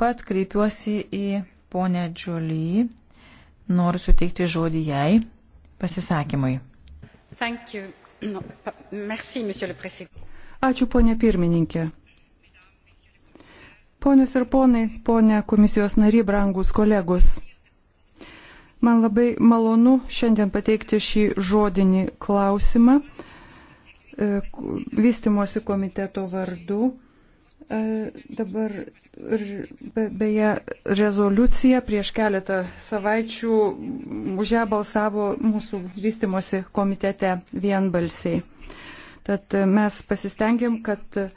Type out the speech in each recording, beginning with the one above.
pat kreipiuosi į ponę Džiulį, noriu suteikti žodį jai pasisakymui. No, merci, Ačiū, ponė pirmininkė. Ponios ir ponai, ponė komisijos nary, brangus kolegos. Man labai malonu šiandien pateikti šį žodinį klausimą e, vystimosi komiteto vardu E, dabar be, beje rezoliucija prieš keletą savaičių už ją balsavo mūsų vystimosi komitete vienbalsiai. Tad mes pasistengėm, kad e,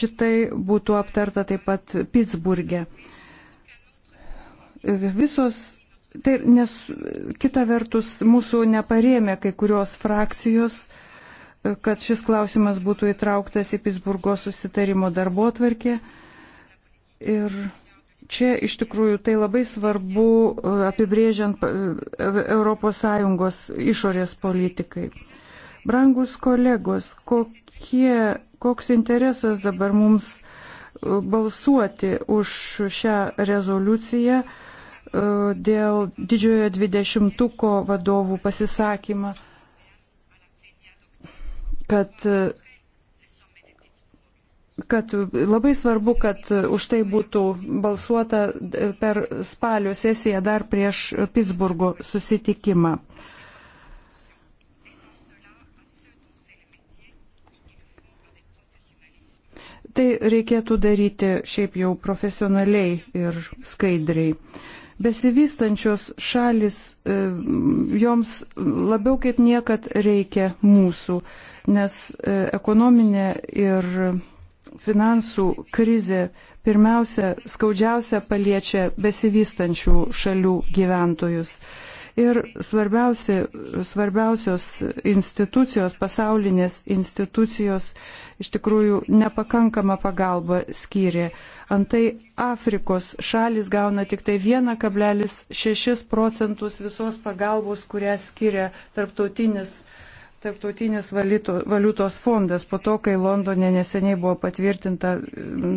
šitai būtų aptarta taip pat Pittsburgė. Visos, tai nes kita vertus mūsų neparėmė kai kurios frakcijos, kad šis klausimas būtų įtrauktas į Pittsburgo susitarimo darbo atvarkę. Ir čia iš tikrųjų tai labai svarbu e, apibrėžiant ES išorės politikai. Brangus kolegos, kokie, koks interesas dabar mums e, balsuoti už šią rezoliuciją e, dėl didžiojo dvidešimtuko vadovų pasisakymą? kad kad labai svarbu, kad už tai būtų balsuota per spalio sesiją dar prieš Pittsburgo susitikimą. Tai reikėtų daryti šiaip jau profesionaliai ir skaidriai. Besivystančios šalis, e, joms labiau kaip niekad reikia mūsų nes e, ekonominė ir finansų krizė pirmiausia skaudžiausia paliečia besivystančių šalių gyventojus. Ir svarbiausi, svarbiausios institucijos, pasaulinės institucijos iš tikrųjų nepakankamą pagalbą skyrė. Antai Afrikos šalis gauna tik tai 1,6 procentus visos pagalbos, kurią skiria tarptautinis uh, Tarptautinis valyto, valiutos fondas po to, kai Londone neseniai buvo patvirtinta,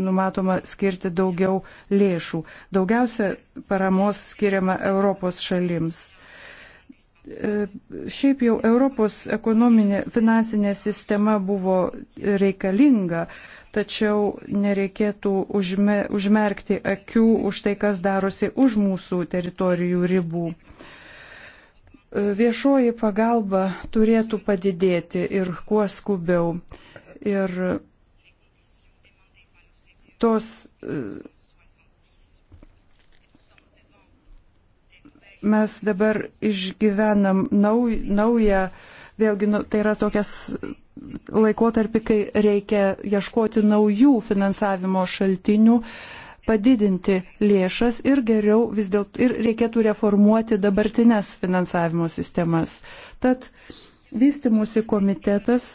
numatoma skirti daugiau lėšų. Daugiausia paramos skiriama Europos šalims. E, šiaip jau Europos ekonominė finansinė sistema buvo reikalinga, tačiau nereikėtų užme, užmerkti akių už tai, kas darosi už mūsų teritorijų ribų. Uh, viešoji pagalba turėtų padidėti ir kuo skubiau. Ir tos mes dabar išgyvenam nauj, naują, vėlgi nu, tai yra tokias laikotarpį, kai reikia ieškoti naujų finansavimo šaltinių, uh, padidinti lėšas ir geriau vis dėlto ir reikėtų reformuoti dabartines finansavimo sistemas. Tad vystimusi komitetas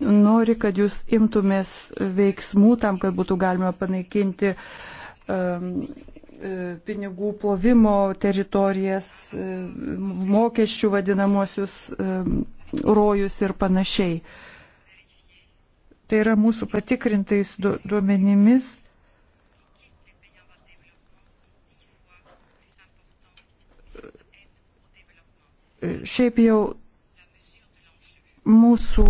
nori, kad jūs imtumės veiksmų tam, kad būtų galima panaikinti um, e, pinigų plovimo teritorijas, e, mokesčių vadinamosius um, rojus ir panašiai. Tai yra mūsų patikrintais duomenimis šiaip jau mūsų,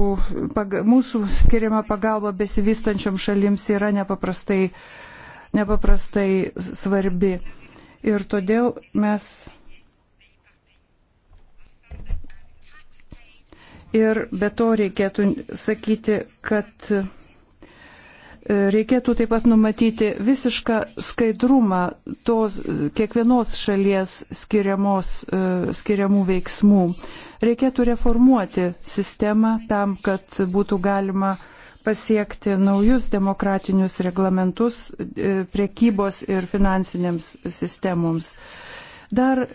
paga, mūsų skiriama pagalba besivystančiom šalims yra nepaprastai, nepaprastai svarbi. Ir todėl mes. Ir be to reikėtų sakyti, kad Reikėtų taip pat numatyti visišką skaidrumą tos kiekvienos šalies skiriamos, e, skiriamų veiksmų. Reikėtų reformuoti sistemą tam, kad būtų galima pasiekti naujus demokratinius reglamentus e, priekybos ir finansinėms sistemoms. Dar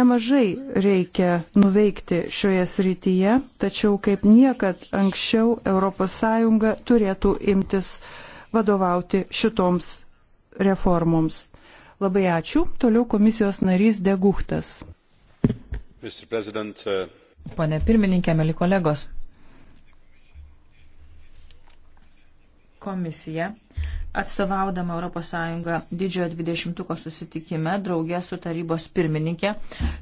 nemažai reikia nuveikti šioje srityje, tačiau kaip niekad anksčiau ES turėtų imtis uh, vadovauti šitoms reformoms. Labai ačiū. Toliau komisijos narys Deguhtas. Pane uh, pirmininkė, mėly kolegos. Komisija, atstovaudama ES didžiojo 20-ko susitikime, draugė su tarybos pirmininkė,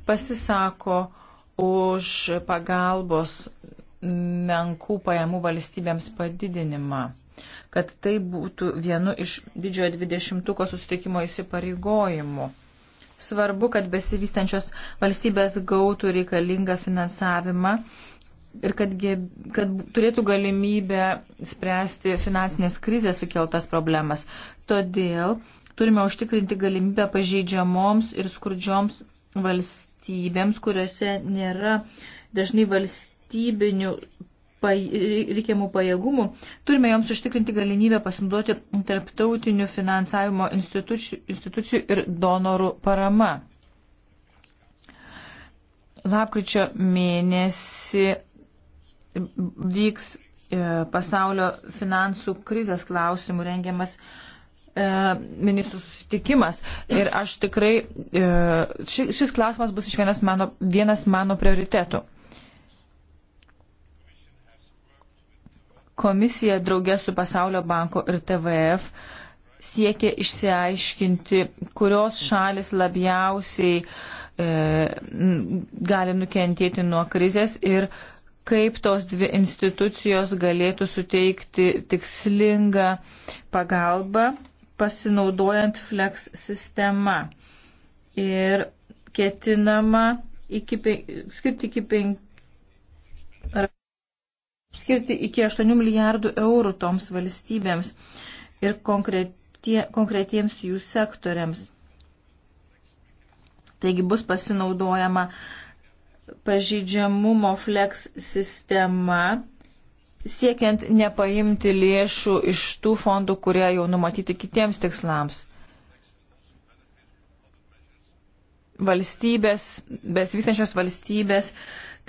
pasisako už pagalbos menkų pajamų valstybėms padidinimą kad tai būtų vienu iš didžiojo dvidešimtuko susitikimo įsipareigojimų. Svarbu, kad besivystančios valstybės gautų reikalingą finansavimą ir kad, kad turėtų galimybę spręsti finansinės krizės sukeltas problemas. Todėl turime užtikrinti galimybę pažeidžiamoms ir skurdžioms valstybėms, kuriuose nėra dažnai valstybinių reikiamų pajėgumų, turime joms užtikrinti galimybę pasinduoti tarptautinių finansavimo institucijų, institucijų ir donorų parama. Lapkričio mėnesį vyks e, pasaulio finansų krizės klausimų rengiamas e, ministrų susitikimas. Ir aš tikrai, e, šis klausimas bus iš vienas mano, vienas mano prioritetų. Komisija draugė su Pasaulio banko ir TVF siekia išsiaiškinti, kurios šalis labiausiai e, gali nukentėti nuo krizės ir kaip tos dvi institucijos galėtų suteikti tikslingą pagalbą pasinaudojant flex sistema. Ir ketinama iki, skirti iki 5 skirti iki 8 milijardų eurų toms valstybėms ir konkretie, konkretiems jų sektoriams. Taigi bus pasinaudojama pažydžiamumo flex sistema, siekiant nepaimti lėšų iš tų fondų, kurie jau numatyti kitiems tikslams. Valstybės, besvystančios valstybės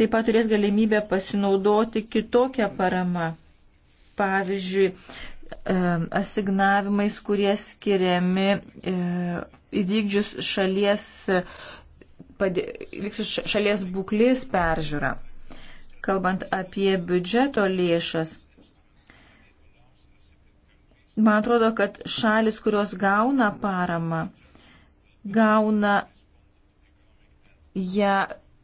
taip pat turės galimybę pasinaudoti kitokią paramą. Pavyzdžiui, e, asignavimais, kurie skiriami e, įvykdžius šalies, e, padė, šalies būklės peržiūrą. Kalbant apie biudžeto lėšas, man atrodo, kad šalis, kurios gauna paramą, gauna ją ja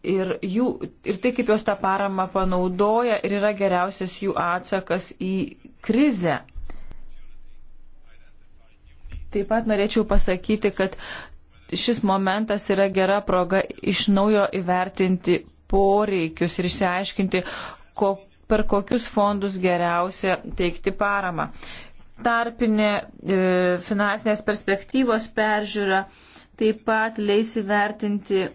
ir, jų, ir tai, kaip jos tą paramą panaudoja ir yra geriausias jų atsakas į krizę. Taip pat norėčiau pasakyti, kad šis momentas yra gera proga iš naujo įvertinti poreikius ir išsiaiškinti, ko, per kokius fondus geriausia teikti paramą. Tarpinė e, finansinės perspektyvos peržiūra taip pat leis įvertinti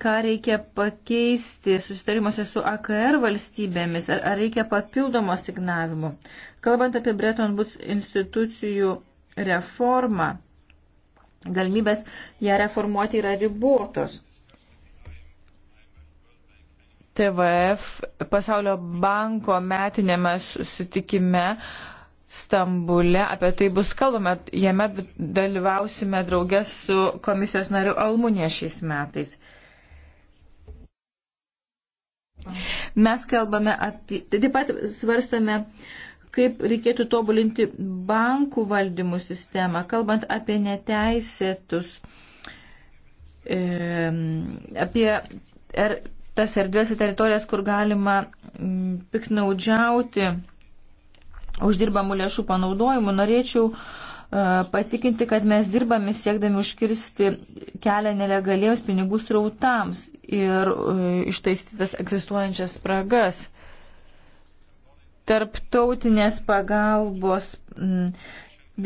ką reikia pakeisti susitarimuose su AKR valstybėmis, ar, ar reikia papildomo signavimo. Kalbant apie Bretton Woods institucijų reformą, galimybės ją reformuoti yra ribotos. TVF pasaulio banko metinėme susitikime Stambule apie tai bus kalbama, jame dalyvausime draugės su komisijos nariu Almunė šiais metais. Mes kalbame apie, taip pat svarstame, kaip reikėtų tobulinti bankų valdymų sistemą, kalbant apie neteisėtus, e, apie er, tas erdvės ir teritorijas, kur galima m, piknaudžiauti uždirbamų lėšų panaudojimu. Norėčiau e, patikinti, kad mes dirbame siekdami užkirsti kelią nelegaliems pinigų srautams ir e, ištaistytas egzistuojančias spragas. Tarptautinės pagalbos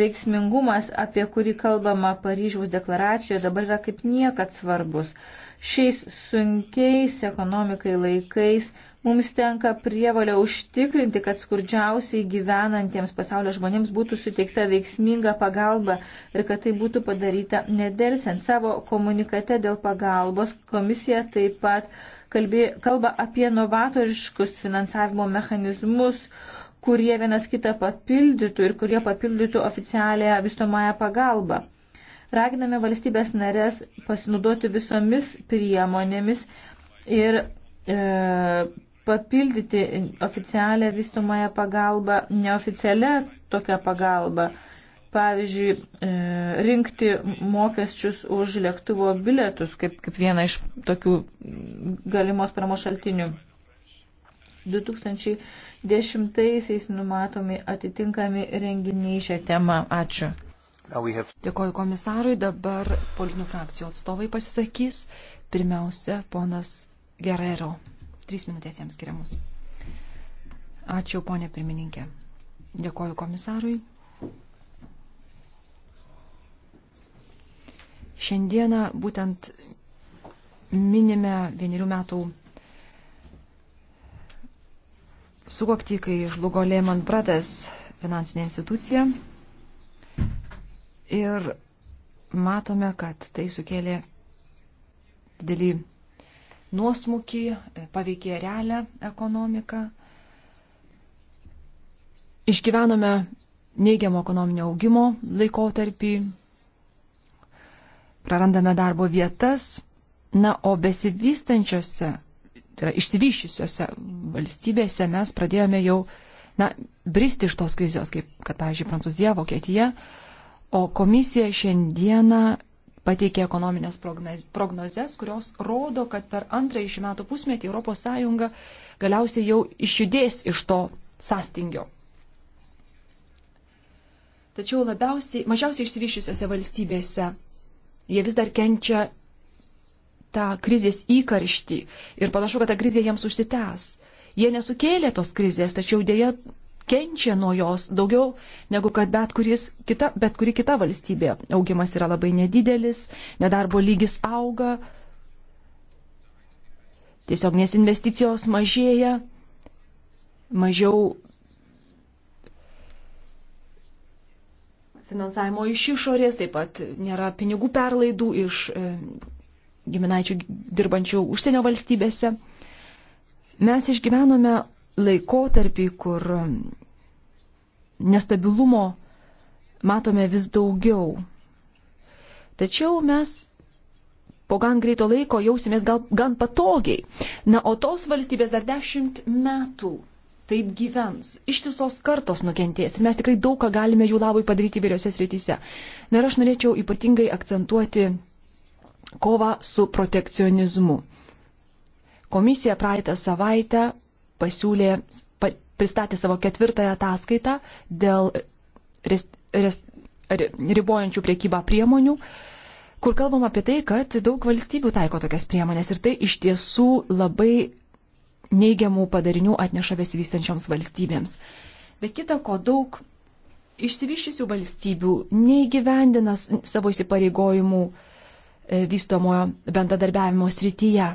veiksmingumas, apie kurį kalbama Paryžiaus deklaracijoje, dabar yra kaip niekad svarbus. Šiais sunkiais ekonomikai laikais mums tenka prievalė užtikrinti, kad skurdžiausiai gyvenantiems pasaulio žmonėms būtų suteikta veiksminga pagalba ir kad tai būtų padaryta nedelsiant. Savo komunikate dėl pagalbos komisija taip pat kalbė, kalba apie novatoriškus finansavimo mechanizmus kurie vienas kitą papildytų ir kurie papildytų oficialią vystomąją pagalbą raginame valstybės narės pasinaudoti visomis priemonėmis ir e, papildyti oficialią vystomąją pagalbą neoficialią tokią pagalbą. Pavyzdžiui, e, rinkti mokesčius už lėktuvo bilietus kaip, kaip vieną iš tokių galimos paramos šaltinių. 2010-aisiais numatomi atitinkami renginiai šią temą. Ačiū. Have... Dėkoju komisarui. Dabar politinių frakcijų atstovai pasisakys. Pirmiausia, ponas Gerero. Trys minutės jiems skiriamus. Ačiū, ponė pirmininkė. Dėkoju komisarui. Šiandieną būtent minime vienerių metų sukakti, kai žlugo Lehman Brothers finansinė institucija. Ir matome, kad tai sukėlė didelį nuosmukį, e, paveikė realią ekonomiką. Išgyvenome neigiamo ekonominio augimo laikotarpį, prarandame darbo vietas, na, o besivystančiose, tai yra išsivyščiusiose valstybėse mes pradėjome jau, na, bristi iš tos krizės, kaip, kad, pavyzdžiui, Prancūzija, Vokietija, o komisija šiandieną pateikė ekonominės prognozes, kurios rodo, kad per antrąjį šių metų pusmetį ES galiausiai jau išjudės iš to sąstingio. Tačiau labiausiai, mažiausiai išsivyščiusiose valstybėse jie vis dar kenčia tą krizės įkarštį ir panašu, kad ta krizė jiems užsitęs. Jie nesukėlė tos krizės, tačiau dėja kenčia nuo jos daugiau negu kad bet, kuris, kita, bet kuri kita valstybė. Augimas yra labai nedidelis, nedarbo lygis auga, tiesiog nes investicijos mažėja, mažiau finansavimo iš išorės, taip pat nėra pinigų perlaidų iš e, giminaičių dirbančių užsienio valstybėse. Mes išgyvenome laikotarpį, kur nestabilumo matome vis daugiau. Tačiau mes po gan greito laiko jausimės gal, gan patogiai. Na, o tos valstybės dar dešimt metų taip gyvens. Ištisos kartos nukentės ir mes tikrai daug ką galime jų labui padaryti įvairiose srityse. Na ir aš norėčiau ypatingai akcentuoti kovą su protekcionizmu. Komisija praeitą savaitę pasiūlė, pa, pristatė savo ketvirtąją ataskaitą dėl res, res, ribojančių priekybą priemonių, kur kalbam apie tai, kad daug valstybių taiko tokias priemonės ir tai iš tiesų labai neigiamų padarinių atneša besivystančioms valstybėms. Bet kita ko daug išsivyščiusių valstybių neįgyvendina savo įsipareigojimų e, vystomojo bendradarbiavimo srityje.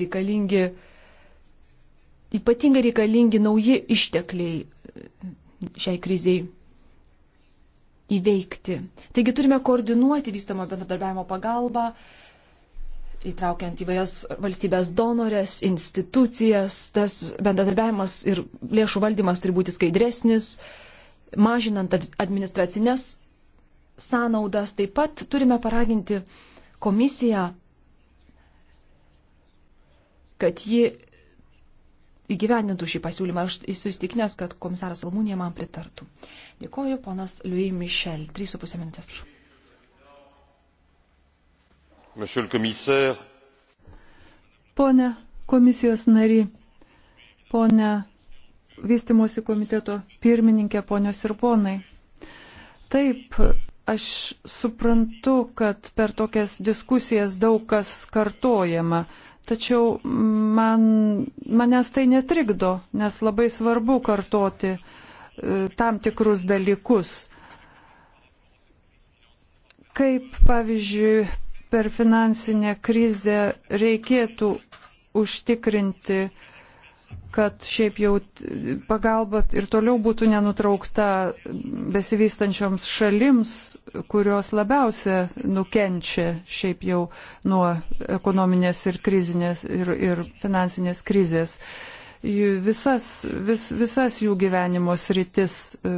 Reikalingi ypatingai reikalingi nauji ištekliai e, šiai kriziai įveikti. Taigi turime koordinuoti vystamo bendradarbiavimo pagalbą, įtraukiant įvairias valstybės donorės, institucijas, tas bendradarbiavimas ir lėšų valdymas turi būti skaidresnis, mažinant administracinės sąnaudas. Taip pat turime paraginti komisiją, kad ji įgyvendintų šį pasiūlymą. Aš esu įstikinęs, kad komisaras Almūnė man pritartų. Dėkoju, ponas Louis Michel. 3,5 minutės, prašau. Monsieur le commissaire. Pone komisijos nari, pone vystimosi komiteto pirmininkė, ponios ir ponai. Taip, aš suprantu, kad per tokias diskusijas daug kas kartojama Tačiau man, manęs tai netrikdo, nes labai svarbu kartoti e, tam tikrus dalykus. Kaip, pavyzdžiui, per finansinę krizę reikėtų užtikrinti uh, kad šiaip jau pagalba ir toliau būtų nenutraukta besivystančioms šalims, kurios labiausia nukenčia šiaip jau nuo ekonominės ir krizinės ir, ir finansinės krizės. Visas, vis, visas jų gyvenimo sritis, e,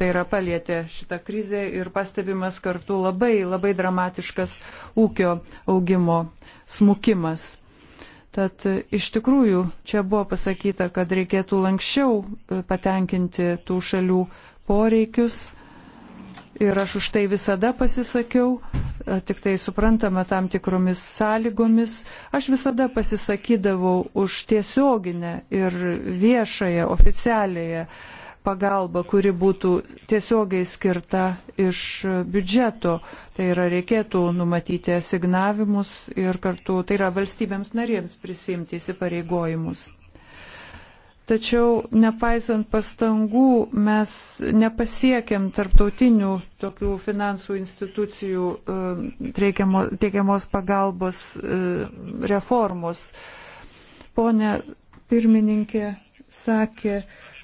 tai yra palietė šitą krizę ir pastebimas kartu labai, labai dramatiškas ūkio augimo smukimas. Tad e, iš tikrųjų čia buvo pasakyta, kad reikėtų lankščiau e, patenkinti tų šalių poreikius. Ir aš už tai visada pasisakiau, e, tik tai suprantama tam tikromis sąlygomis. Aš visada pasisakydavau už tiesioginę ir viešąją, oficialiąją uh, pagalba, kuri būtų tiesiogiai skirta iš biudžeto. Tai yra reikėtų numatyti asignavimus ir kartu, tai yra valstybėms narėms prisimti įsipareigojimus. Tačiau nepaisant pastangų mes nepasiekėm tarptautinių tokių finansų institucijų e, teikiamo, teikiamos pagalbos e, reformos. Pone pirmininkė sakė,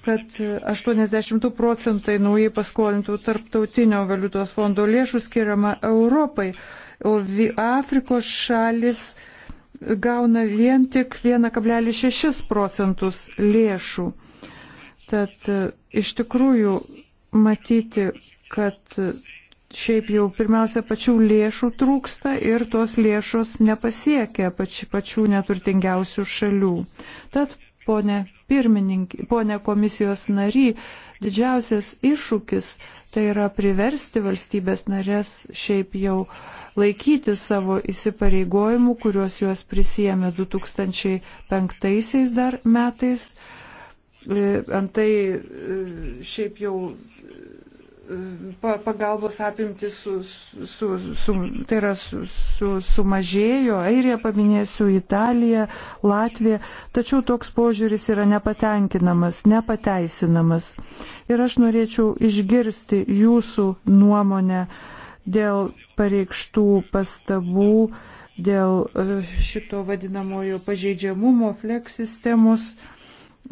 kad 80 procentai naujai paskolintų tarptautinio valiutos fondo lėšų skiriama Europai, o Afrikos šalis gauna vien tik 1,6 procentus lėšų. Tad iš tikrųjų matyti, kad šiaip jau pirmiausia pačių lėšų trūksta ir tos lėšos nepasiekia pač, pačių neturtingiausių šalių. Tad Pone pirmininkė, pone komisijos nary, didžiausias iššūkis tai yra priversti valstybės narės šiaip jau laikyti savo įsipareigojimų, kuriuos juos prisijėmė 2005 dar metais. E, antai e, šiaip jau pagalbos apimtis su, su, su, tai yra su, su, sumažėjo, Airija paminėsiu, Italija, Latvija, tačiau toks požiūris yra nepatenkinamas, nepateisinamas. Ir aš norėčiau išgirsti jūsų nuomonę dėl pareikštų pastabų, dėl e, šito vadinamojo pažeidžiamumo fleks sistemos,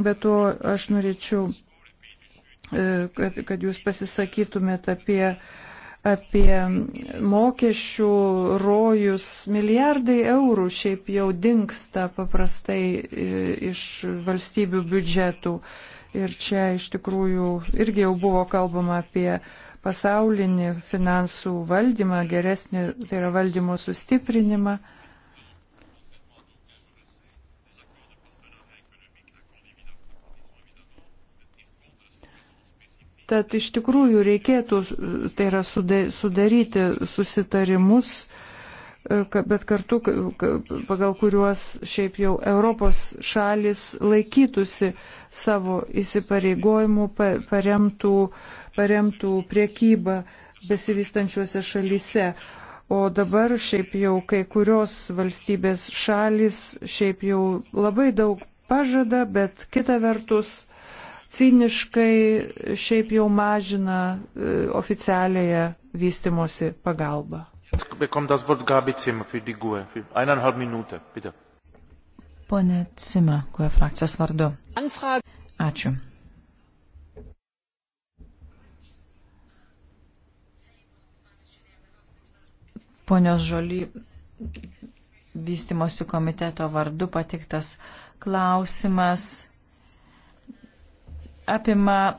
bet to aš norėčiau E, kad, kad jūs pasisakytumėt apie, apie mokesčių rojus. Milijardai eurų šiaip jau dinksta paprastai e, iš valstybių biudžetų. Ir čia iš tikrųjų irgi jau buvo kalbama apie pasaulinį finansų valdymą, geresnį, tai yra valdymo sustiprinimą. Tad iš tikrųjų reikėtų, tai yra sudaryti susitarimus, e, bet kartu, pagal kuriuos šiaip jau Europos šalis laikytųsi savo įsipareigojimų, paremtų, paremtų priekybą besivystančiuose šalyse. O dabar šiaip jau kai kurios valstybės šalis šiaip jau labai daug pažada, bet kita vertus ciniškai šiaip jau mažina e, oficialiąją vystimosi pagalbą. E. Pone Cima, kuo e frakcijos vardu. Ačiū. Ponios Žoly, vystimosi komiteto vardu patiktas klausimas apima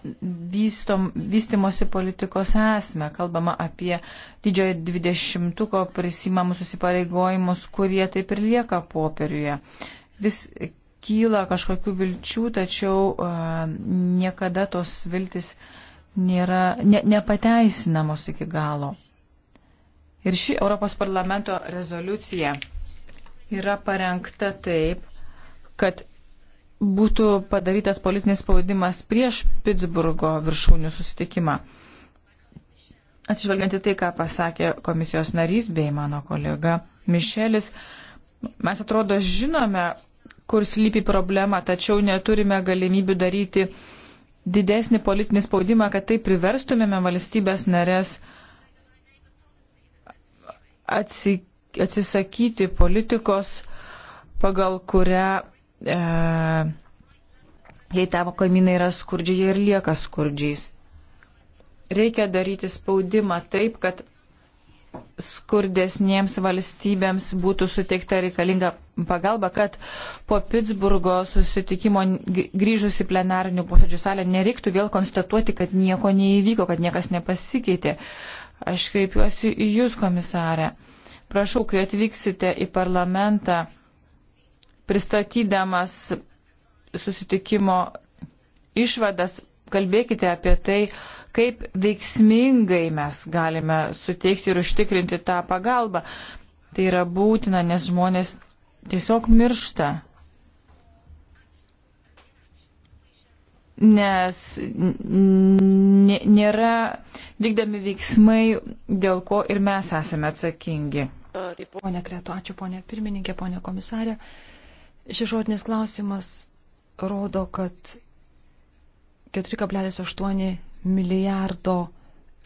vystom, vystimosi politikos esmę. Kalbama apie didžiojo dvidešimtuko prisimamus susipareigojimus, kurie taip ir lieka popieriuje. Vis kyla kažkokių vilčių, tačiau uh, niekada tos viltis nėra ne, nepateisinamos iki galo. Ir ši Europos parlamento rezoliucija yra parengta taip, kad būtų padarytas politinis spaudimas prieš Pittsburgo viršūnių susitikimą. Atsižvelgiant į tai, ką pasakė komisijos narys bei mano kolega Mišelis, mes atrodo žinome, kur slypi problema, tačiau neturime galimybių daryti didesnį politinį spaudimą, kad tai priverstumėme valstybės narės atsi, atsisakyti politikos, pagal kurią e, jei tavo kaimynai yra skurdžiai, jie ir lieka skurdžiais. Reikia daryti spaudimą taip, kad skurdesniems valstybėms būtų suteikta reikalinga pagalba, kad po Pittsburgo susitikimo grįžus į plenarinių posėdžių salę nereiktų vėl konstatuoti, kad nieko neįvyko, kad niekas nepasikeitė. Aš kreipiuosi į Jūs, komisarę. Prašau, kai atvyksite į parlamentą, pristatydamas susitikimo išvadas kalbėkite apie tai, kaip veiksmingai mes galime suteikti ir užtikrinti tą pagalbą. Tai yra būtina, nes žmonės tiesiog miršta. Nes nėra vykdami veiksmai, dėl ko ir mes esame atsakingi. Pone Kreto, ačiū ponė pirmininkė, ponė komisarė. Šis žodinis klausimas rodo, kad 4,8 milijardo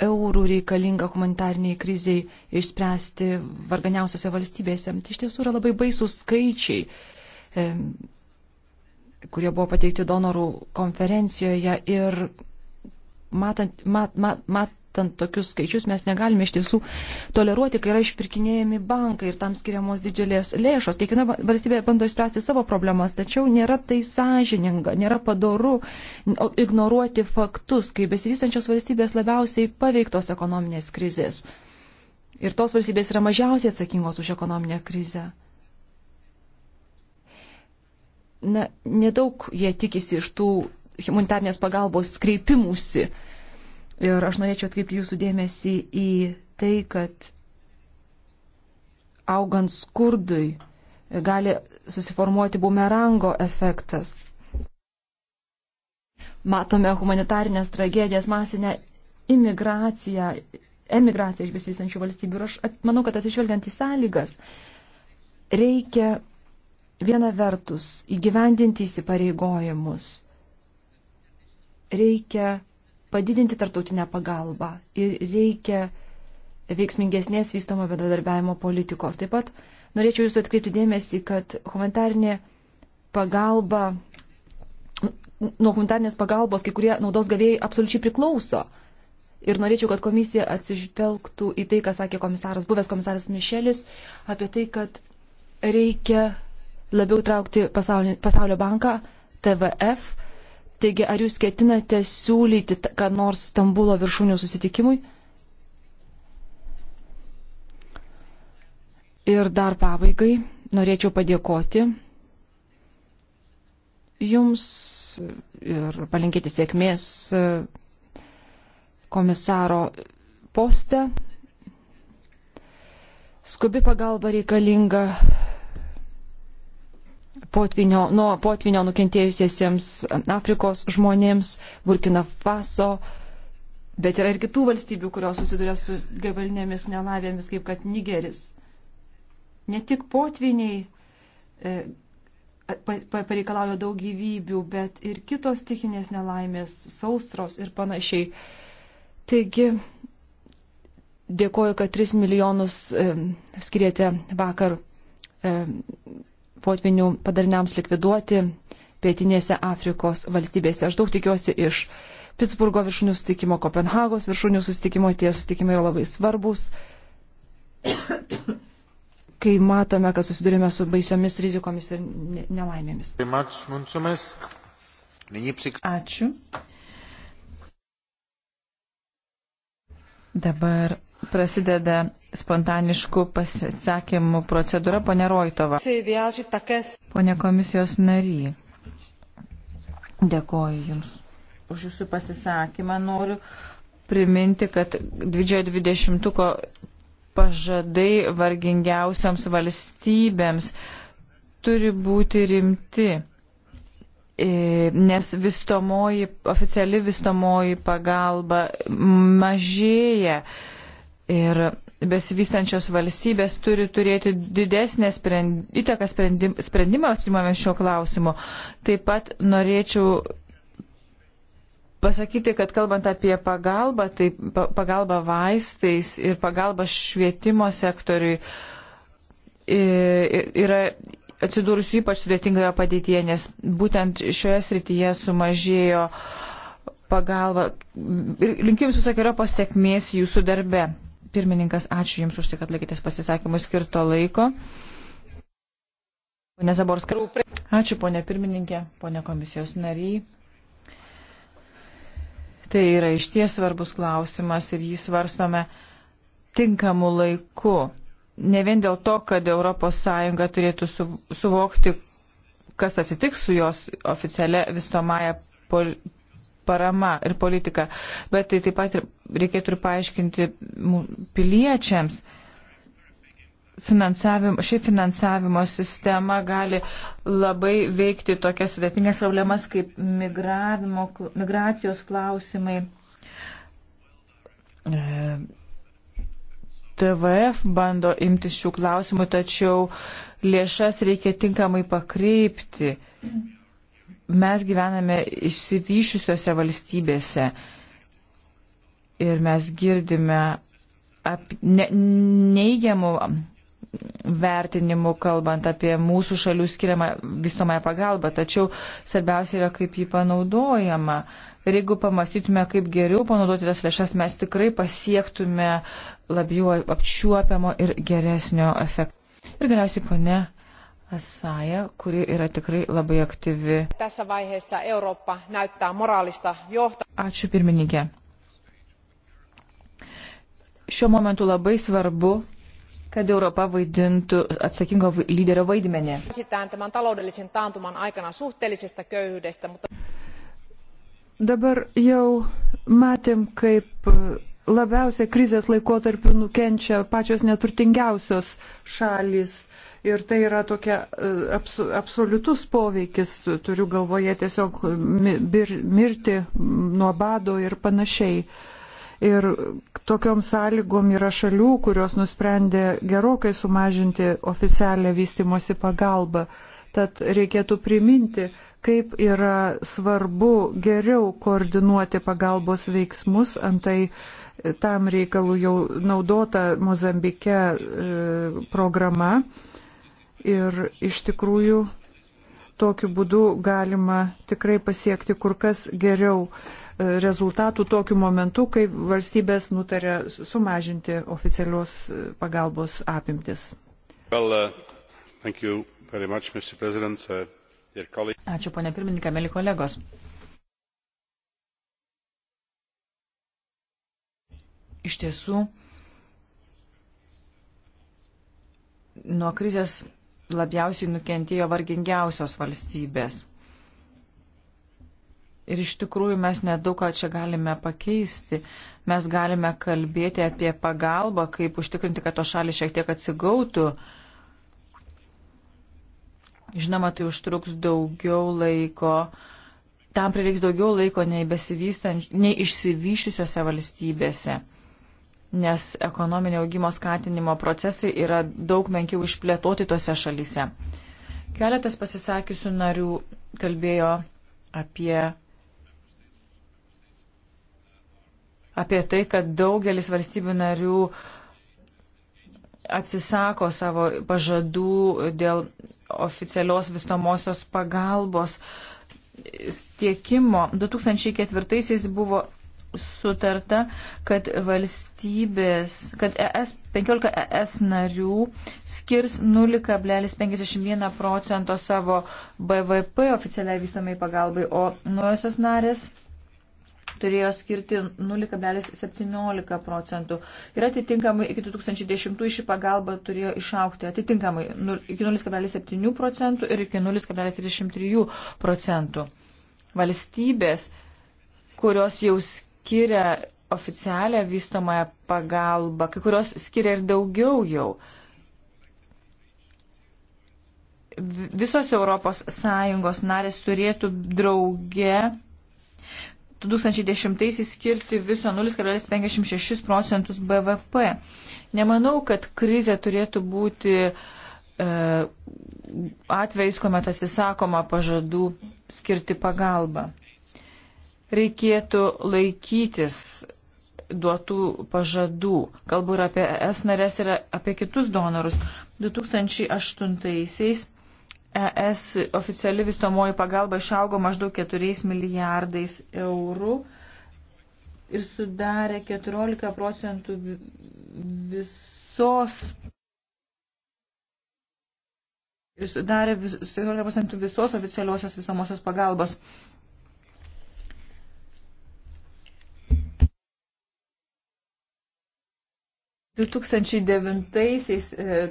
eurų reikalinga humanitariniai kriziai išspręsti varganiausiose valstybėse. Tai iš tiesų yra labai baisūs skaičiai, kurie buvo pateikti donorų konferencijoje ir matant, mat, mat, mat, matant tokius skaičius, mes negalime iš tiesų toleruoti, kai yra išpirkinėjami bankai ir tam skiriamos didžiulės lėšos. Kiekviena valstybė bando išspręsti savo problemas, tačiau nėra tai sąžininga, nėra padoru ignoruoti faktus, kai besivystančios valstybės labiausiai paveiktos ekonominės krizės. Ir tos valstybės yra mažiausiai atsakingos už ekonominę krizę na, nedaug jie tikisi iš tų humanitarnės pagalbos kreipimusi Ir aš norėčiau atkreipti jūsų dėmesį į tai, kad augant skurdui gali susiformuoti bumerango efektas. Matome humanitarinės tragedijas, masinę imigraciją, emigraciją iš besivysančių valstybių. Ir aš manau, kad atsižvelgiant į sąlygas, reikia viena vertus įgyvendinti įsipareigojimus. Reikia padidinti tartautinę pagalbą ir reikia veiksmingesnės vystomo bendradarbiavimo politikos. Taip pat norėčiau Jūsų atkreipti dėmesį, kad humanitarinė pagalba, nuo humanitarnės pagalbos kai kurie naudos gavėjai absoliučiai priklauso. Ir norėčiau, kad komisija atsižvelgtų į tai, ką sakė komisaras, buvęs komisaras Mišelis, apie tai, kad reikia labiau traukti pasaulio, pasaulio banką, TVF Taigi, ar jūs ketinate siūlyti, kad nors Stambulo viršūnių susitikimui? Ir dar pabaigai norėčiau padėkoti Jums ir palinkėti sėkmės e, komisaro poste. Skubi pagalba reikalinga potvinio, nuo potvinio nukentėjusiesiems Afrikos žmonėms, Burkina Faso, bet yra ir kitų valstybių, kurios susiduria su gabalinėmis nelavėmis, kaip kad Nigeris. Ne tik potviniai e, pareikalauja daug gyvybių, bet ir kitos tikinės nelaimės, saustros ir panašiai. Taigi, dėkoju, kad 3 milijonus e, skiriate vakar e, potvinių padariniams likviduoti pietinėse Afrikos valstybėse. Aš daug tikiuosi iš Pittsburgo viršūnių sustikimo, Kopenhagos viršūnių sustikimo, tie sustikimai yra labai svarbus. kai matome, kad susidurime su baisiomis rizikomis ir nelaimėmis. Ačiū. Dabar prasideda spontaniškų pasisakymų procedūra, ponė Roitova. Pone komisijos nary, dėkoju Jums už Jūsų pasisakymą. Noriu priminti, kad didžiojo dvidešimtuko pažadai vargingiausiams valstybėms turi būti rimti, e, nes vistomoji, oficiali vistomoji pagalba mažėja ir besivystančios valstybės turi turėti didesnę sprend, įtaką sprendim, sprendimams primame šio klausimo. Taip pat norėčiau pasakyti, kad kalbant apie pagalbą, tai pagalba vaistais ir pagalba švietimo sektoriui yra atsidūrusi ypač sudėtingoje padėtyje, nes būtent šioje srityje sumažėjo pagalba. Ir linkiu Jums visokiojo pasiekmės Jūsų darbe. Pirmininkas, ačiū Jums už tai, kad laikytės pasisakymų skirto laiko. Pone Zaborska. Ačiū, ponė pirmininkė, ponė komisijos nariai. Tai yra išties svarbus klausimas ir jį svarstome tinkamu laiku. Ne vien dėl to, kad ES turėtų su, suvokti, kas atsitiks su jos oficialia vistomąją pol, parama ir politika, bet tai taip pat reikėtų ir paaiškinti piliečiams. Finansavimo, ši finansavimo sistema gali labai veikti tokias sudėtingas problemas kaip migracijos klausimai. E, TVF bando imtis šių klausimų, tačiau lėšas reikia tinkamai pakreipti. Mhm mes gyvename išsivyšiusiose valstybėse ir mes girdime ap, ne, neigiamų vertinimų, kalbant apie mūsų šalių skiriamą visomąją pagalbą, tačiau svarbiausia yra, kaip jį panaudojama. Ir jeigu pamastytume, kaip geriau panaudoti tas lėšas, mes tikrai pasiektume labiau apčiuopiamo ir geresnio efekto. Ir galiausiai, pone Asaja, kuri yra tikrai labai aktyvi. Tässä vaiheessa Eurooppa näyttää moraalista johtaa. Ačiū pirmininkė. Šiuo momentu labai svarbu, kad Europa vaidintų atsakingo lyderio vaidmenį. Käsitään tämän taloudellisen taantuman aikana suhteellisesta köyhyydestä, mutta... Dabar jau matėm, kaip e, labiausiai krizės laikotarpiu nukenčia pačios neturtingiausios šalis. Uh, Ir tai yra tokia e, absu, absoliutus poveikis, turiu galvoje tiesiog mir, mirti nuo bado ir panašiai. Ir tokiom sąlygom yra šalių, kurios nusprendė gerokai sumažinti oficialią vystimosi pagalbą. Tad reikėtų priminti, kaip yra svarbu geriau koordinuoti pagalbos veiksmus, antai e, tam reikalų jau naudota Mozambike e, programa ir iš tikrųjų tokiu būdu galima tikrai pasiekti kur kas geriau e, rezultatų tokiu momentu, kai valstybės nutarė sumažinti oficialios e, pagalbos apimtis. Well, uh, much, uh, Ačiū, ponė pirmininkė, mėly kolegos. Iš tiesų, nuo krizės labiausiai nukentėjo vargingiausios valstybės. Ir iš tikrųjų mes nedaug ką čia galime pakeisti. Mes galime kalbėti apie pagalbą, kaip užtikrinti, kad to šalis šiek tiek atsigautų. Žinoma, tai užtruks daugiau laiko. Tam prireiks daugiau laiko nei, nei išsivyščiusiose valstybėse nes ekonominio augimo skatinimo procesai yra daug menkiau išplėtoti tose šalyse. Keletas pasisakysių narių kalbėjo apie, apie tai, kad daugelis valstybių narių atsisako savo pažadų dėl oficialios vystomosios pagalbos tiekimo. 2004-aisiais buvo sutarta, kad valstybės, kad ES, 15 ES narių skirs 0,51 procento savo BVP oficialiai vystomai pagalbai, o nuosios narės turėjo skirti 0,17 procentų. Ir atitinkamai iki 2010 ši pagalba turėjo išaukti atitinkamai nu, iki 0,7 procentų ir iki 0,33 procentų. Valstybės, kurios jau skirti skiria oficialią vystomąją pagalbą, kai kurios skiria ir daugiau jau. Visos ES narės turėtų drauge 2010 skirti viso 0,56 procentus BVP. Nemanau, kad krizė turėtų būti e, atvejais, kuomet atsisakoma pažadų skirti pagalbą reikėtų laikytis duotų pažadų. Kalbu ir apie ES narės ir apie kitus donorus. 2008-aisiais ES oficiali vystomoji pagalba išaugo maždaug 4 milijardais eurų ir sudarė 14 procentų visos. Ir sudarė 14 procentų visos oficialiosios visomosios pagalbos. 2009-aisiais e,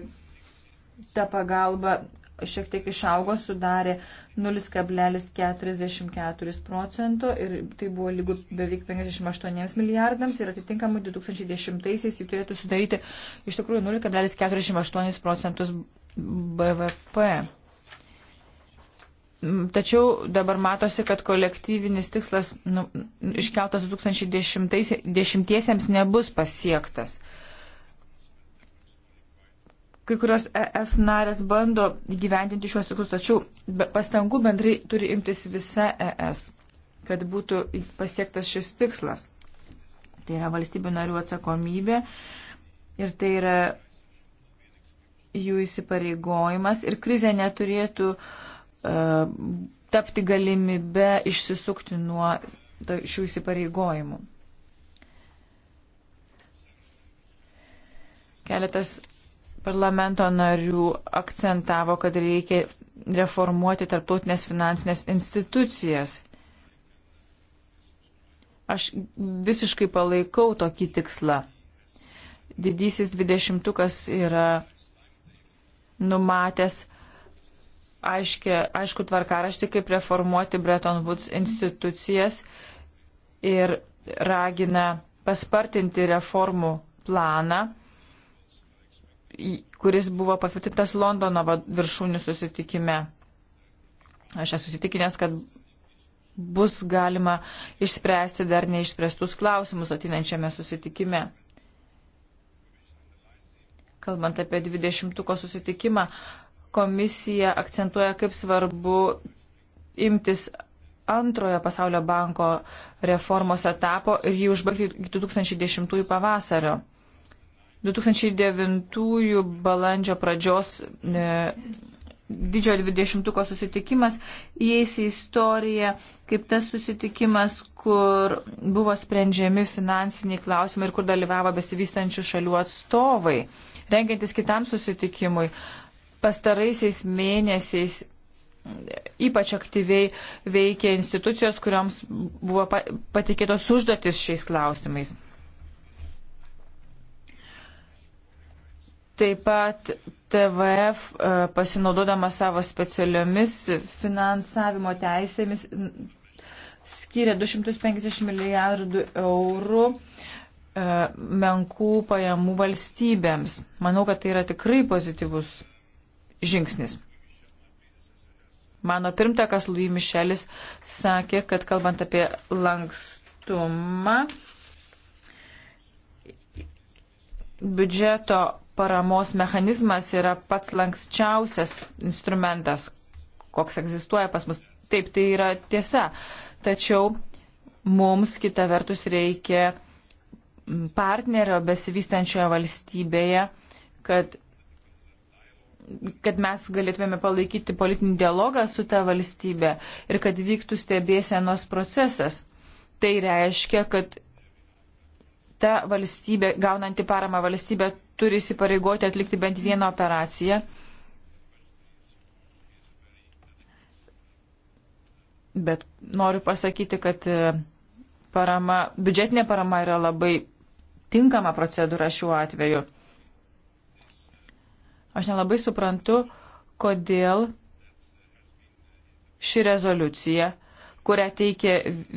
ta pagalba šiek tiek išaugo, sudarė 0,44 procento ir tai buvo lygu beveik 58 milijardams ir atitinkamai 2010-aisiais jį turėtų sudaryti iš tikrųjų 0,48 procentus BVP. Tačiau dabar matosi, kad kolektyvinis tikslas nu, iškeltas 2010-iesiems nebus pasiektas. Uh, Kai kurios ES narės bando gyventinti šios tikrus, tačiau pastangų bendrai turi imtis visa ES, kad būtų pasiektas šis tikslas. Tai yra valstybių narių atsakomybė ir tai yra jų įsipareigojimas ir krizė neturėtų uh, tapti galimybę išsisukti nuo šių įsipareigojimų. Keletas parlamento narių akcentavo, kad reikia reformuoti tarptautinės finansinės institucijas. Aš visiškai palaikau tokį tikslą. Didysis dvidešimtukas yra numatęs aiškia, aišku tvarkaraštį, kaip reformuoti Bretton Woods institucijas ir ragina paspartinti reformų planą kuris buvo patvirtintas Londono viršūnių susitikime. Aš esu susitikinęs, kad bus galima išspręsti dar neišspręstus klausimus atinančiame susitikime. Kalbant apie 20-ko susitikimą, komisija akcentuoja, kaip svarbu imtis antrojo pasaulio banko reformos etapo ir jį užbaigti 2010 pavasario. 2009 balandžio pradžios e, didžiojo dvidešimtuko susitikimas įeis į istoriją kaip tas susitikimas, kur buvo sprendžiami finansiniai klausimai ir kur dalyvavo besivystančių šalių atstovai. Rengiantis kitam susitikimui, pastaraisiais mėnesiais ypač aktyviai veikia institucijos, kurioms buvo patikėtos užduotis šiais klausimais. Taip pat TVF e, pasinaudodama savo specialiomis finansavimo teisėmis skiria 250 milijardų eurų e, menkų pajamų valstybėms. Manau, kad tai yra tikrai pozityvus žingsnis. Mano pirmtakas Louis Michelis sakė, kad kalbant apie lankstumą, biudžeto paramos mechanizmas yra pats lankščiausias instrumentas, koks egzistuoja pas mus. Taip, tai yra tiesa. Tačiau mums kita vertus reikia partnerio besivystančioje valstybėje, kad, kad mes galėtumėme palaikyti politinį dialogą su ta valstybė ir kad vyktų stebėsienos procesas. Tai reiškia, kad ta valstybė, gaunanti paramą valstybė, turi įsipareigoti atlikti bent vieną operaciją. Bet noriu pasakyti, kad e, parama, biudžetinė parama yra labai tinkama procedūra šiuo atveju. Aš nelabai suprantu, kodėl ši rezoliucija, kurią teikė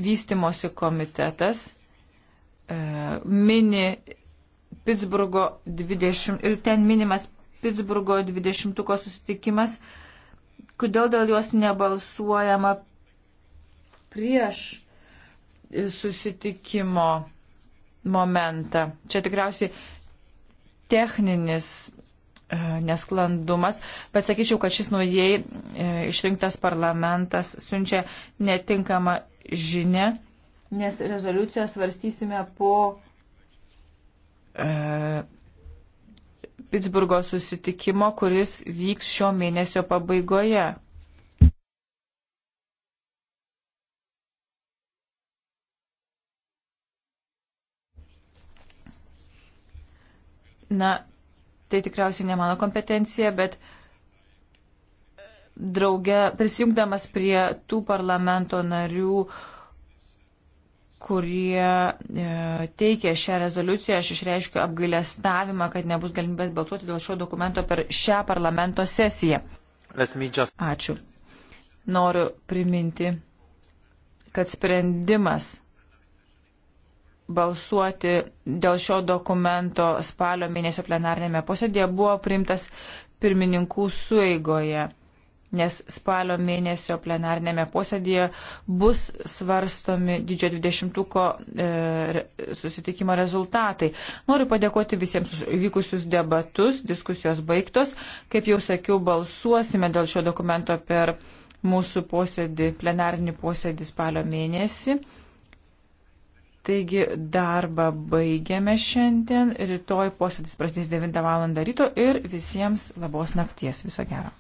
vystimosi komitetas, e, mini Pittsburgo 20 ir ten minimas Pittsburgo 20-ko susitikimas, kodėl dėl jos nebalsuojama prieš susitikimo momentą. Čia tikriausiai techninis e, nesklandumas, bet sakyčiau, kad šis naujai e, išrinktas parlamentas siunčia netinkamą žinę, nes rezoliuciją svarstysime po E, Pittsburgo susitikimo, kuris vyks šio mėnesio pabaigoje. Na, tai tikriausiai ne mano kompetencija, bet drauge prisijungdamas prie tų parlamento narių, uh, kurie e, teikė šią rezoliuciją, aš išreiškiu apgailestavimą, kad nebus galimybės balsuoti dėl šio dokumento per šią parlamento sesiją. Just... Ačiū. Noriu priminti, kad sprendimas balsuoti dėl šio dokumento spalio mėnesio plenarnėme posėdėje buvo priimtas pirmininkų sueigoje nes spalio mėnesio plenarnėme posėdėje bus svarstomi didžiojo dvidešimtuko e, susitikimo rezultatai. Noriu padėkoti visiems už vykusius debatus, diskusijos baigtos. Kaip jau sakiau, balsuosime dėl šio dokumento per mūsų posėdį, plenarinį posėdį spalio mėnesį. Taigi darbą baigiame šiandien, rytoj posėdis prasidės 9 val. ryto ir visiems labos nakties. Viso gero.